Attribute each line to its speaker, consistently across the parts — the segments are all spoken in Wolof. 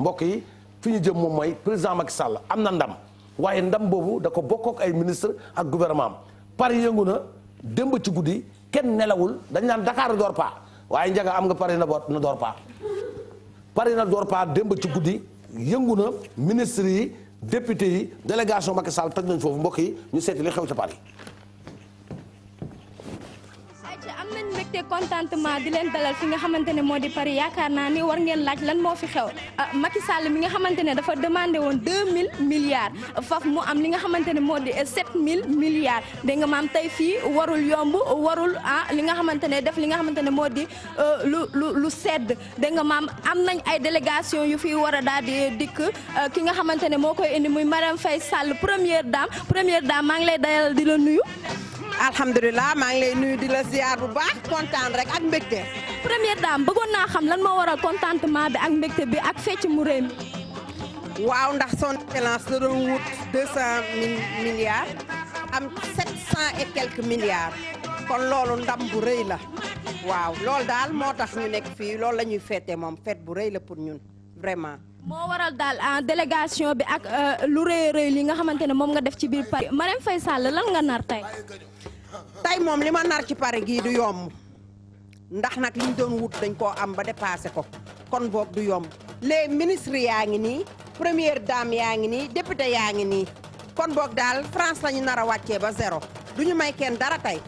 Speaker 1: mbokk yi fi ñu jëm moom mooy président Macky Sall am na ndam waaye ndam boobu da ko bokkook ay ministre ak gouvernement am pare yëngu na démb ci guddi kenn nelawul dañ naan Dakar door waaye njaga am nga pare na boot na door paa pare na door paa démb ci guddi yëngu na ministre yi député yi délégation Macky Sall toj nañ foofu mbokk yi ñu seeti li xew ca Paris ayca am nañ mbégte contentement di leen dalal fi nga xamante ne moo di Paris yaakaar naa ni war ngeen laaj lan moo fi xew ah, mati Sall mi nga xamante ne dafa demandé woon deux mille milliards faf mu am li nga xamante ne moo di sept mille milliards dégg nga maam tey fii warul yomb warul ah li nga xamante ne def li nga xamante ne moo di euh, lu lu lu sedd dégg nga maam am nañ ay délégation yu fi war a daal di dikk euh, ki nga xamante ne moo koy indi muy Marième fay Sall première dame première dame maa ngi lay dalal di la nuyu. alhamdulillah maa ngi lay nuyu di la ziar bu baax kontaan rek ak mbégte. première dame bëggoon naa xam lan moo waral contentement bi ak mbégte bi ak fecc mu réew waaw ndax son excellence da doon wut deux cent mille milliards am sept cent et quelques milliards kon loolu ndam bu rëy la waaw loolu daal moo tax ñu nekk fii loolu la ñuy féete moom fête bu rëy la pour ñun vraiment. moo waral daal en délégation bi ak euh, lu rëy rëy li nga xamante ne moom nga def ci biir Paris Marème Faye Sall lan nga nar tey. tey moom li ma nar ci pare gii du yomb ndax nag liñ doon wut dañ koo am ba dépassé ko kon boog du yomb les ministres yaa ngi nii première dame yaa ngi nii député yaa ngi nii kon boog daal France la ñu nar a wàccee ba zéro du ñu may kenn dara tey.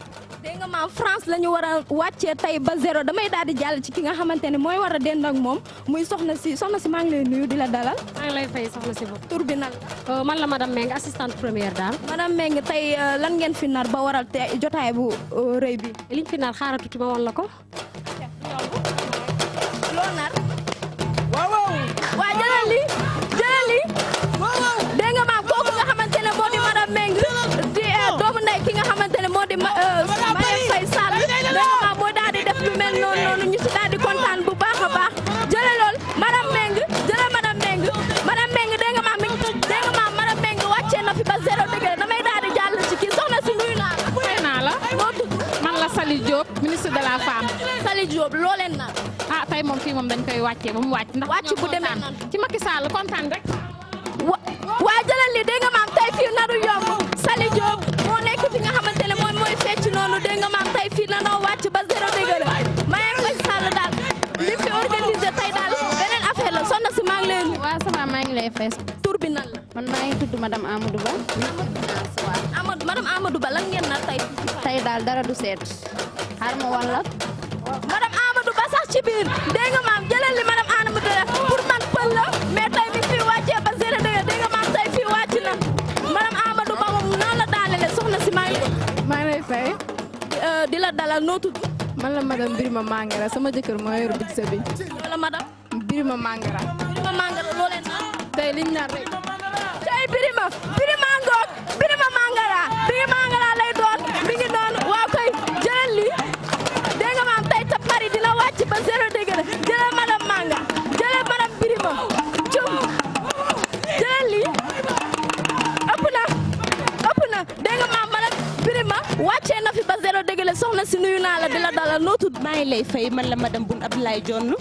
Speaker 1: dégg nga maam France la ñu war a wàccee tey ba zéro damay daal di jàll ci ki nga xamante ne mooy war a dend ak moom muy soxna si soxna si maa ngi lay nuyu di la dalal. maa ngi lay fay soxna si bopp tur bi nag. Euh, man la madame Mbengue assistante première dame. madame Mbengue tey euh, lan ngeen fi nar ba waral te jotaay bu euh, rëy bi. liñ fi nar xaaral tuuti ma woon la ko. loolu nar. yu mel noonu noonu ñu si daal di bu baax a baax jële lool madame Meng jële madame Meng Meng dégg nga Meng wàccee na fi ba zéro degré damay daal jàll ci kii soxna si nuyu naa ah, tey moom fii moom dañ koy wàccee ba mu wàcc ndax wàcc bu demee ci Macky Sall kontaan rek. waa jëlal li dégg nga maam tey fii naru yomb Sali Diop moo nekk fi nga xamante ne mooy fecc noonu dégg nga maam lay bi nan la. man maa ngi tudd madame Amadou Ba. Amadou madame Ba daal dara du seet. sax ci biir dégg maam jëlal li madame Amadou def pour man pël la mais tey mi fii wàccee ba zéro dégg maam tey fii wàcc na madame Amadou Ba moom nan la daanele soxna si maa ngi lay. lay fay. Euh, di la dalal noo tudd. man la madame Birima Mangara sama jëkkër moo yor big sa bi. wala madame. Birima Mangara. Birima Mangara loo leen tey Birima Birima Ngok Birima Mangara Birima Mangara lay doon mi ngi noonu waa koy jëlal li dégg nga maam tey ta Paris dina wàcc ba zéro degré jëlal madame Manga jëlal madame Birima cum jëlal li ëpp na ëpp na dégg nga maam Birima wàccee na fi ba zéro degré soxna si nuyu naa la di la dalal noo tudd maa ngi lay fay man la ma madame Boun Abdoulaye Dione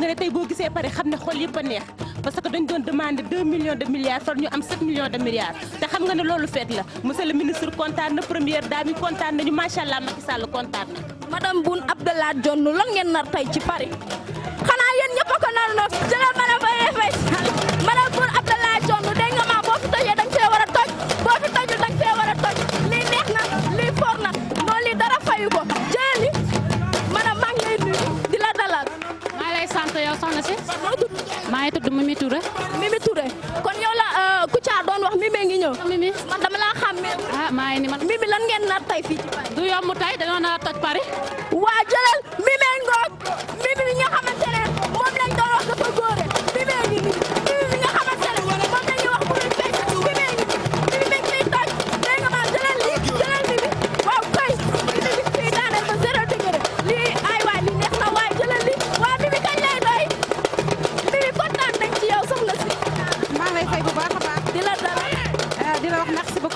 Speaker 1: nga ne tey boo gisee pare xam ne xol yëpp a neex parce que dañ doon demander 2 millions de milliards far ñu am 7 millions de milliards te xam nga ne loolu feet la monsieur le ministre kontaan na première dame yi kontaan nañu macha allah Macky Sall kontaan na. madame Boun Abdallah Dionne lan ngeen nar tey ci Paris xanaa yéen ñëpp ko nar na jëlal madame nga maa boo fi tojee da nga see a toj boo fi tojul da nga see a toj lii neex na lii foor na noonu dara fayu ko. soxna si. maa ngi tudd Mimi Touré. Mimi Touré kon yow la euh, Kouthia doon wax Mimi ngi ñëw. Mimi man dama laa xam. ah maa ngi ni man Mimi lan ngeen nar tey fii ci Paris. du yomb tey dañoo nar a toj Paris. waa jëlal.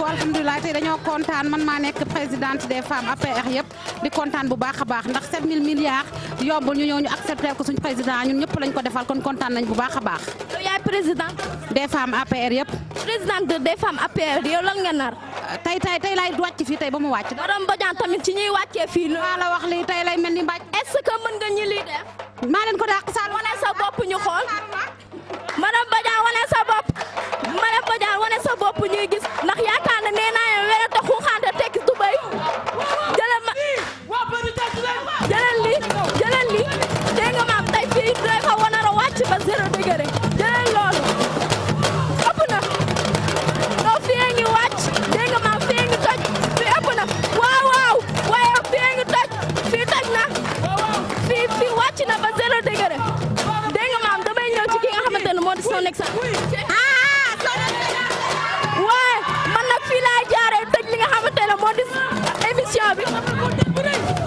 Speaker 1: ko alhamdulilah tey dañoo kontaan man maa nekk présidente des femmes APR yëpp di kontaan bu baax a baax ndax 7000 milliards yombul ñu ñëw ñu accepté ko suñu président ñun ñëpp lañ ko defal kon kontaan nañ bu baax a baax. yow yaay présidente. des femmes APR yëpp. présidente des femmes APR yow lan nga nar. tey tey tey laay wàcc fii tey ba mu wàcc. madame Badiane tamit ci ñuy wàccee fii. maa la wax lii tey lay mel ni mbàcc. est-ce que mën nga ñu lii def. maa leen ko dàq sa bopp ñu xool madame Badiane wane sa bopp madame nekk sax ah waaye man nag fii laay jaaree tëj li nga xamante ne moo di émission bi